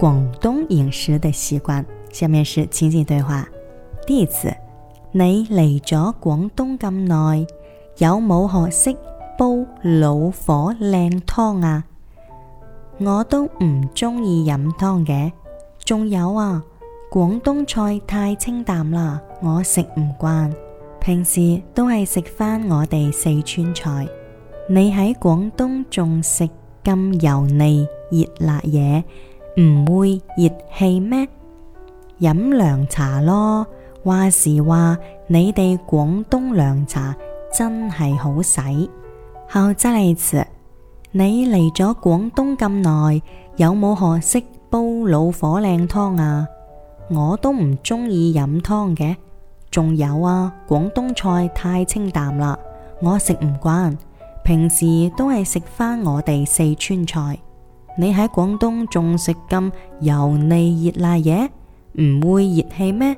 廣東飲食的習慣，下面是情景對話。第一次，你嚟咗廣東咁耐，有冇學識煲老火靚湯啊？我都唔中意飲湯嘅，仲有啊，廣東菜太清淡啦，我食唔慣。平時都係食返我哋四川菜。你喺廣東仲食咁油膩熱辣嘢，唔會熱氣咩？飲涼茶咯。話時話，你哋廣東涼茶真係好使。後真，你嚟咗廣東咁耐，有冇學識煲老火靚湯啊？我都唔鍾意飲湯嘅。仲有啊，廣東菜太清淡啦，我食唔慣。平時都係食返我哋四川菜。你喺廣東仲食咁油膩熱辣嘢，唔會熱氣咩？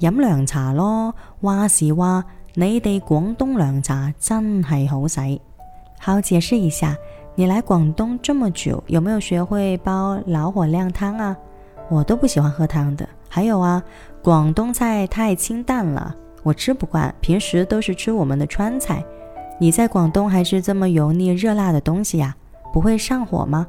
飲涼茶咯。話時話，你哋廣東涼茶真係好使。好，解釋一下，你來廣東這麼久，有沒有學會煲老火靚湯啊？我都不喜歡喝湯的。還有啊，廣東菜太清淡了，我吃不慣。平時都是吃我們的川菜。你在廣東還是還吃這麼油膩熱辣的東西呀、啊？不會上火嗎？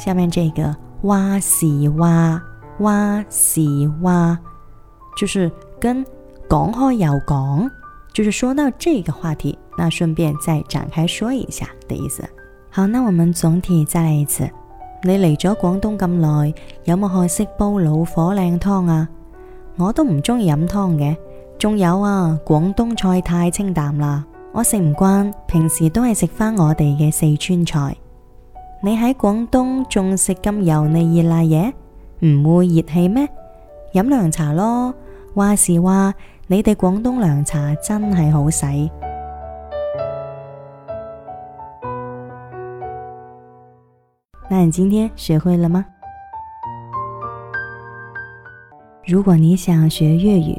下面這個話時話，話時話，就是跟講開又講，就是說到這個話題，那順便再展開說一下的意思。好，那我們總體再來一次。你嚟咗廣東咁耐，有冇學識煲老火靚湯啊？我都唔中意飲湯嘅，仲有啊，廣東菜太清淡啦，我食唔慣，平時都係食返我哋嘅四川菜。你喺廣東仲食咁油膩熱辣嘢，唔會熱氣咩？飲涼茶咯。話時話，你哋廣東涼茶真係好使。那你今天學會了嗎？如果你想學粵語。